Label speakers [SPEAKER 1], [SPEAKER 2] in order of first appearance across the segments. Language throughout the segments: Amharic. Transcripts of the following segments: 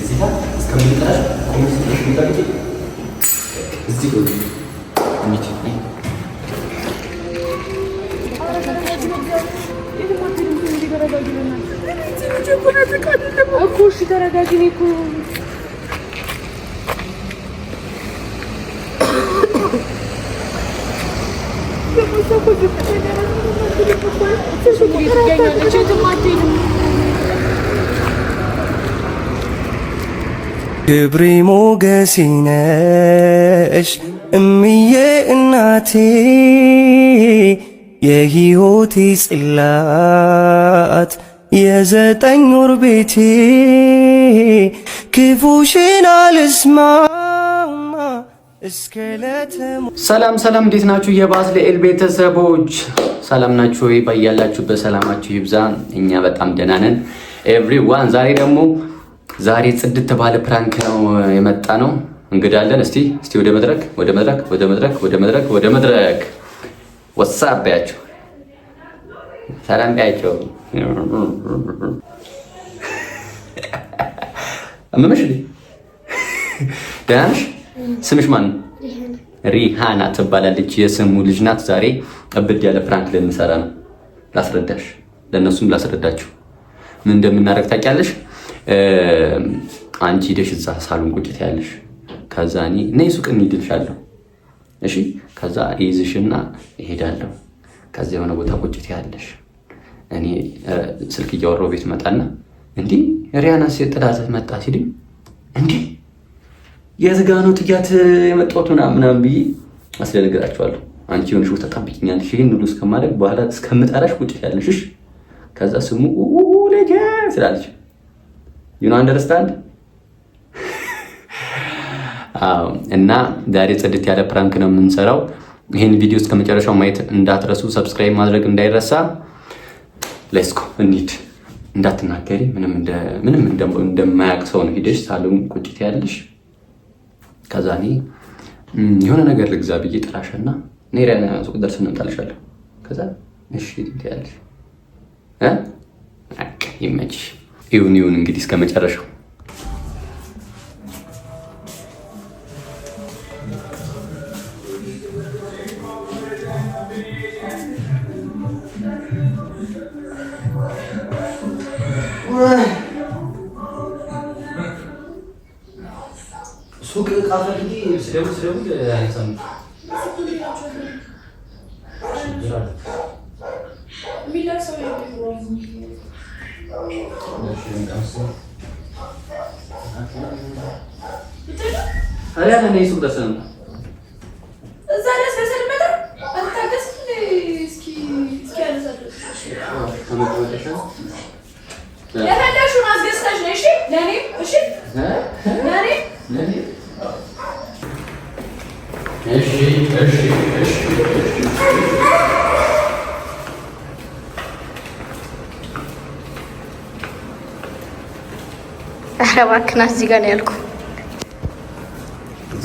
[SPEAKER 1] እዚህ ጋር እስከምንጠራሽ ኮሚኒቲ ሚታቂ እዚህ ግ ሚት እኮ እሺ፣ ተረጋጊ እኮ ይገኛለች የትም አትሄድም። ክብሬ ሞገሴ ነሽ እምዬ እናቴ የሕይወቴ ጽላት የዘጠኝ ወር ቤቴ ክፉሽን አልስማማ እስከ ሰላም ሰላም፣ እንዴት ናችሁ የባስልኤል ቤተሰቦች? ሰላም ናችሁ ወይ? ባያላችሁበት ሰላማችሁ ይብዛ። እኛ በጣም ደህና ነን ኤቭሪዋን። ዛሬ ደግሞ ዛሬ ጽድት ተባለ ፕራንክ ነው የመጣ ነው። እንግዳለን። እስቲ እስቲ ወደ መድረክ ወደ መድረክ ወደ መድረክ ወደ መድረክ ወደ መድረክ ወሳብ ቢያቸው ሰላም ቢያቸው አመመሽ? ደህና ነሽ? ስምሽ ማን ነው? ሪሃና ትባላለች። የስሙ ልጅ ናት። ዛሬ እብድ ያለ ፕራንክ ልንሰራ ነው። ላስረዳሽ፣ ለእነሱም ላስረዳችሁ ምን እንደምናደርግ ታውቂያለሽ? አንቺ ደሽ እዛ ሳሎን ቁጭት ያለሽ ከዛ እኔ ነይ ሱቅ እንሂድልሻለሁ። እሺ ከዛ ይዝሽና እሄዳለሁ። ከዛ የሆነ ቦታ ቁጭት ያለሽ እኔ ስልክ እያወራሁ ቤት መጣና እንዲህ ሪያና ሴት ጥላት መጣ ሲል እንዲህ የዝጋ ነው ጥያት የመጣሁት ምናምን ብዬ አስደነግጣቸዋለሁ። አንቺ የሆነሽ ቦታ ጠብቂኛለሽ፣ ይህን ሁሉ እስከማድረግ በኋላ እስከምጠራሽ ቁጭት ያለሽ። ከዛ ስሙ ሌጀ ስላለች ዩኖ አንደርስታንድ um, እና ዛሬ ጽድት ያለ ፕራንክ ነው የምንሰራው። ይህን ቪዲዮ እስከ መጨረሻው ማየት እንዳትረሱ፣ ሰብስክራይብ ማድረግ እንዳይረሳ። ሌስኮ እንሂድ። እንዳትናገሪ ምንም እንደማያቅ ሰው ነው። ሂደሽ ሳሎን ቁጭት ያለሽ ከዛ እኔ የሆነ ነገር ልግዛ ብዬ ጥራሽ ጥራሽና ኔሪያ ሱቅ ደርሰን እንጣልሻለሁ። ከዛ እሺ ትያለሽ። ይመችሽ ይሁን ይሁን እንግዲህ እስከ መጨረሻው ሱቅ እቃ ፈልጊ በላት እና ሱቅ ደስ ነው እዛ ደስ በሰልመታ አታገስ እስኪ እስኪ የፈለግሽውን አስገዝተሽ እሺ እባክህ ና እዚህ ጋር ነው ያልኩህ።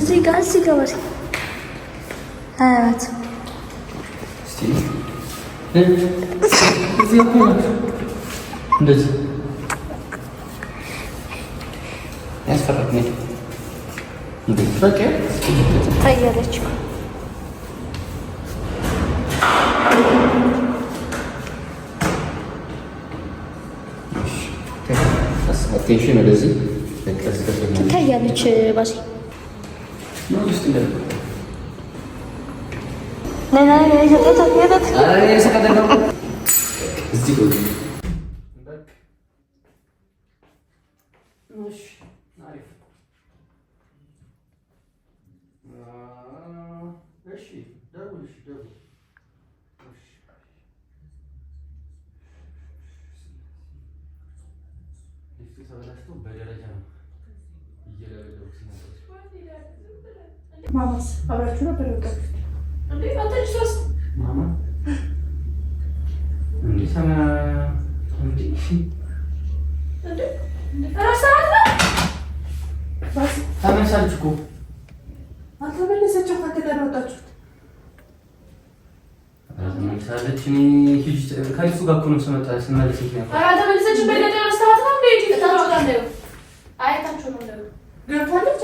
[SPEAKER 1] እዚህ ጋር እዚህ ጋር ወስ አያት እንደዚህ ያስፈራል። ታያለች ትታያለች። ባሴ ተበላሽቶ በደረጃ ነው እየለበለኩት ማማስ አብራችሁ ነበር የወጣችሁት? እኮ አልተመለሰችም። ከከተማ ወጣችሁት ከእሱ ጋር እኮ ነው ስመጣ ስመለስ አልተመለሰችም። በደንብ አይታችሁ ነው ገብታለች።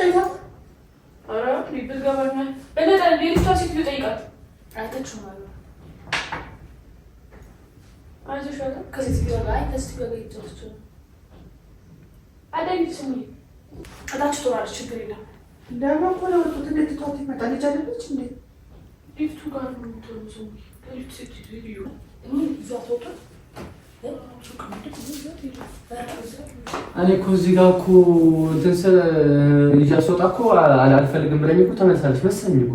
[SPEAKER 1] አይታችሁ ልጠይቃት አይተችው ማለት ነው። አይተሽዋል ጋር አይ ከሴት ጋር ይጫወቱ አዳኝ ስሚ እታች ትሆናለች። ችግር የለም። እንደማ እኮ ነው እንዴት ትቷት ይመጣል? ልጅ አለች እንዴ? ሊፍቱ ጋር ነው የምትሆኑ ስሚ ከሊፍት ሴት ልዩ እኔ እዛ ተወጡ እኔ እኮ እዚህ ጋር እኮ እንትን ልጅ አስወጣ እኮ አልፈልግም ብለኝ እኮ ተመልሳለች መሰለኝ እኮ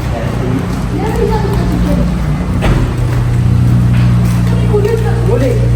[SPEAKER 1] बोले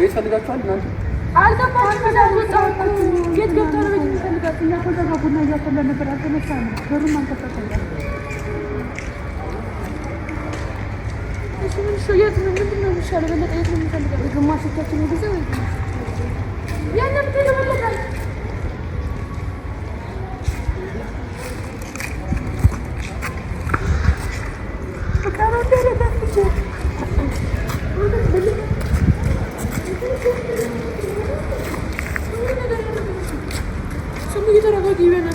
[SPEAKER 1] ቤት ፈልጋችኋል እናንተ አልገባችም። ቤት ገብተው ነው ቤት የሚፈልጋችሁ። እኛ ኮዛ ቡና እያፈላ ነበር፣ አልተነሳ ነው በሩም አንከፈተኛ የት ነው ምንድን ነው የሚሻለው? በለጠ የት ነው የሚፈልጋችሁ? ግማሾቻችን ጊዜ ወይ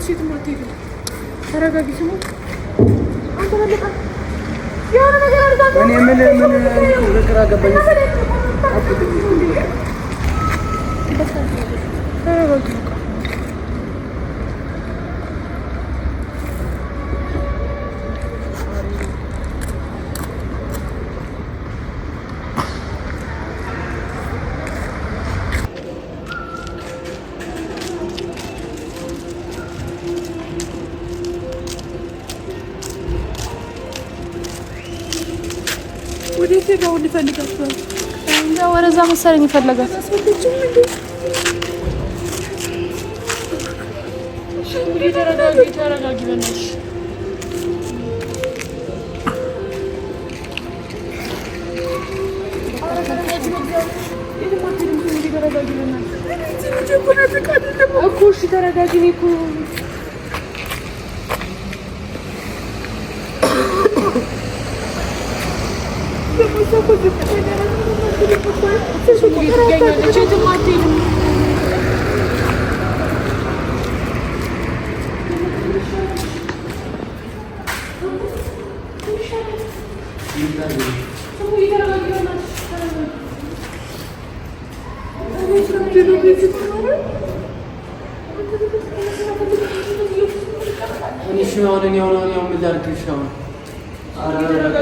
[SPEAKER 1] እሱ የትም አትሄድም። ተረጋጊ። ስሙ አንተ ነገር እኔ ምን ምን ግራ ይፈልጋቸዋል። ወደዛ መሰለኝ ይፈልጋል። ተረጋጊ Genelde çetin maddeyle. Nişmanın yanan yan bir dergi şu an. Ara ara.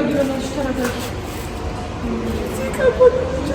[SPEAKER 1] Kapatıcı.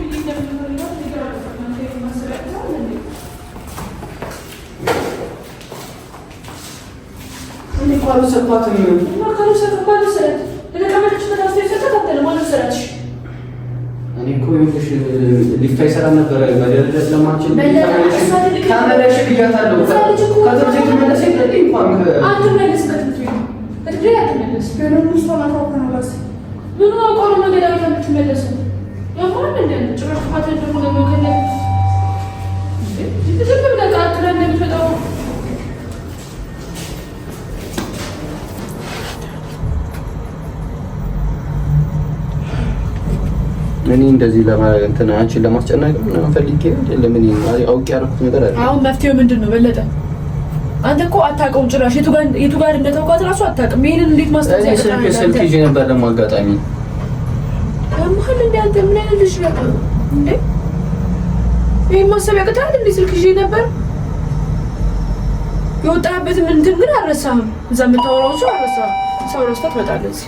[SPEAKER 1] faruse patrium. Ma faruse kapalüseret. Dede kamera içinde rastlayıp sete kaptanım alüseret. እኔ እኮ ይኸውልሽ ሊፍታ ይሰራ ነበረ ለማችን ካመለሽ ብያታለሁ። ከትምህርት ቤት መለስ የለ እንኳን አትመለስ ከትምህርት ቤት ትግሬ አትመለስ። ገለሙስ ተማታውከ ነበር ምን አውቀው ነው መገዳዊ ከምትመለስ ያሆን እንደ ጭራሽ ክፋት ደግሞ ለመገዳ ዝም ብለህ አትለን እንደሚፈጠው እኔ እንደዚህ ለማንተና አንቺን ለማስጨናቅ ምናምን ፈልጌ ለምን አውቄ ያደረኩት ነገር አለ። አሁን መፍትሄው ምንድን ነው? በለጠ አንተ እኮ አታውቀውም ጭራሽ የቱ ጋር የቱ ጋር እንደተውኳት እራሱ አታውቅም። ይሄንን እንዴት ማስተዋወቅ ያለብኝ? ስልክ ይዤ ነበር ደግሞ አጋጣሚ መሀል እንደ አንተ ምን አይነት ልጅ ነው እንዴ? ይሄን ማሰብ ያቅታል እንዴ? ስልክ ይዤ ነበር የወጣህበትን እንትን ግን አልረሳህም። እዛ የምታወራውን ሰው አልረሳህም። ሰው ረስታ ትመጣለህ እዚህ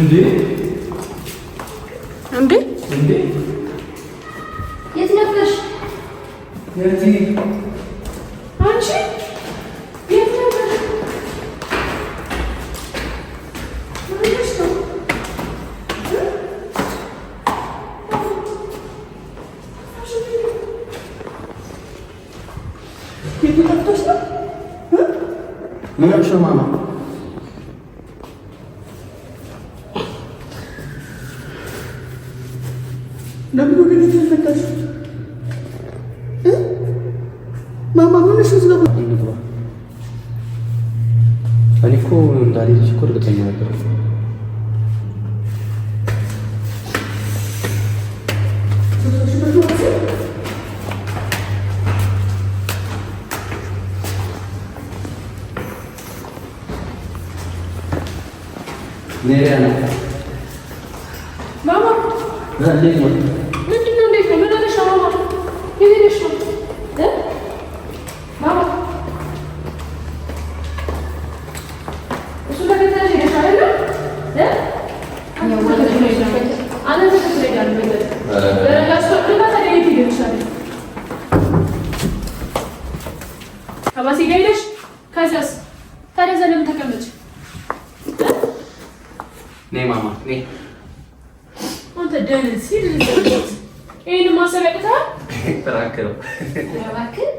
[SPEAKER 1] እንዴ ለምን ወደ ቤት ያልመጣችሁ? ማማ ምንሽ ዝገባ እኔ እኮ እንዳለች እኮ እርግጠኛ ነበር። 那那个。እንዴት ይህን ማሰብ ያቅታል? ፍራንክ ነው እባክህ።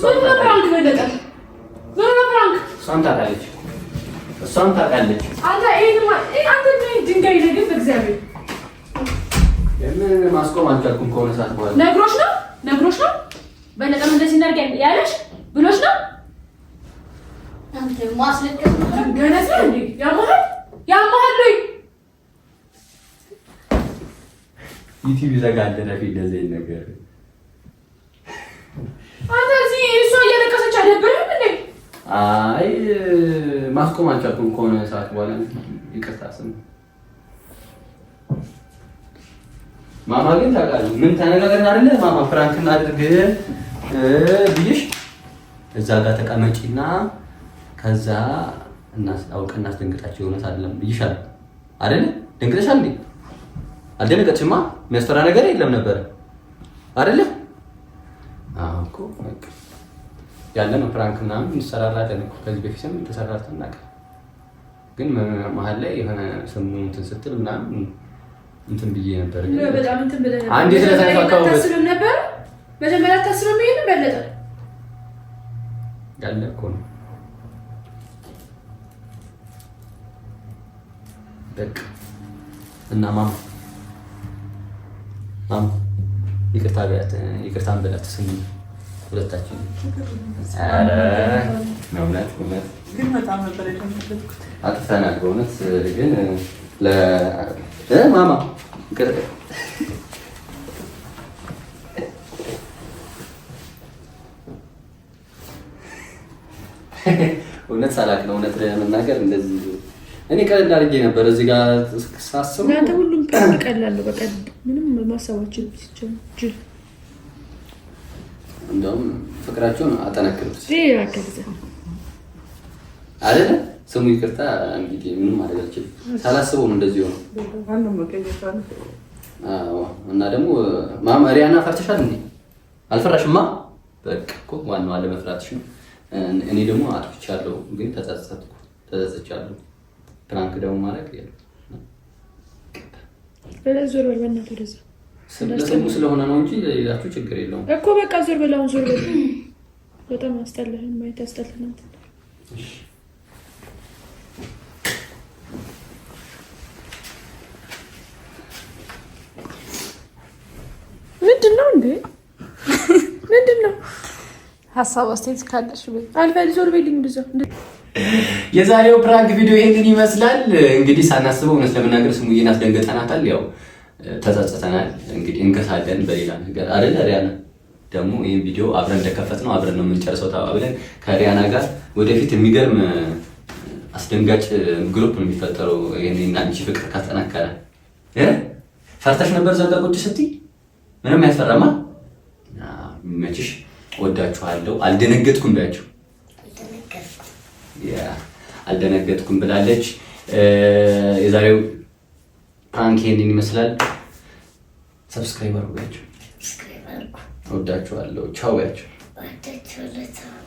[SPEAKER 1] ፍራንክ በለጠል ፍራንክ እሷም ታውቃለች እሷም ታውቃለች። አንተ ድንጋይ ነግን በእግዚአብሔር ለምን ማስቆም አልቻልኩም? ከሆነ ሰዓት በኋላ ነግሮሽ ነው ነግሮሽ ነው በለጠም እንደዚህ እናድርግ ያለሽ ብሎሽ ነው ማስለቀስ ገነስ ያመሃል ያመሃል ዩቲዩብ ይዘጋል። ለፊ እንደዚህ ነገር አንተ እሷ እያለቀሰች አይደብርም እንዴ? አይ ማስቆም አልቻልኩም ከሆነ ሰዓት በኋላ ይቅርታ። ስም ማማ ግን ታውቃለህ፣ ምን ተነጋገርን አይደለ? ማማ ፍራንክ እናድርግ ብዬሽ እዛ ጋር ተቀመጪና ከዛ እናስ አውቀ እናስደንግጣቸው የሆነት አይደለም ብዬሻለሁ አይደለ? ደንግጠሻል እንዴ? አልደነቀችማ። የሚያስፈራ ነገር የለም ነበረ አይደለ? አሁን እኮ ያለ ነው ፕራንክ ምናምን እንሰራራለን እኮ ከዚህ በፊትም ተሰራርተን እናውቃለን። ግን መሀል ላይ የሆነ ስሙ እንትን ስትል ምናምን እንትን ብዬ ነበር። በጣም ነበር። አንዴ ነበር መጀመሪያ ታስብም። ይሄን በለጠ ያለ እኮ ነው በቃ እና ማማ ይቅርታ ብላት ይቅርታን ብላት ስሚ ሁለታችን እውነት አጥፍተናል። በእውነት ግን ማማ እውነት ሳላቅ ነው እውነት ለመናገር እንደዚህ እኔ ቀለል አድርጌ ነበር እዚህ ጋር ሳስበው በጣም ይቀላሉ። በቃ ምንም ማሰባችን ጅል እንደውም ፍቅራቸውን አጠናክሩት አይደለ? ስሙ ይቅርታ እንግዲህ ምንም አደጋችል አልችልም። ሳላስበውም እንደዚህ ሆነ እና ደግሞ ማመሪያና ፈርተሻል እንዴ? አልፈራሽማ። በቃ እኮ ዋናው አለመፍራትሽ ነው። እኔ ደግሞ አጥፍቻለሁ፣ ግን ተጸጸትኩ፣ ተጸጽቻለሁ። ፕራንክ ደግሞ ማድረግ ዞር በል በእናትህ ወደዛ። ስሙ ስለሆነ ነው እንጂ ችግር የለውም እኮ። በቃ ዞር በል አሁን ዞር በል። በጣም ማየት ያስጠላናት። ምንድን ነው እንዴ? ምንድን ነው ሀሳብ አስተያየት ካለሽ ዞር የዛሬው ፕራንክ ቪዲዮ ይሄንን ይመስላል። እንግዲህ ሳናስበው እውነት ለመናገር ስሙዬን አስደንገጠናታል። ያው ተጸጽተናል። እንግዲህ እንከሳለን በሌላ ነገር አይደለ ሪያና ደግሞ ይህን ቪዲዮ አብረን እንደከፈት ነው አብረን ነው የምንጨርሰው ተባብለን ከሪያና ጋር ወደፊት የሚገርም አስደንጋጭ ግሩፕ ነው የሚፈጠረው። ይህን አንቺ ፍቅር ካጠናከረ ፈርተሽ ነበር ዘጋ ቁጭ ስትይ ምንም ያስፈራማ መችሽ። ወዳችኋለሁ። አልደነገጥኩም ቢያችሁ አልደነገጥኩም ብላለች። የዛሬው ፕራንክ ይሄንን ይመስላል። ሰብስክራይበር አድርጓቸው። ወዳችኋለሁ። ቻው ያቸው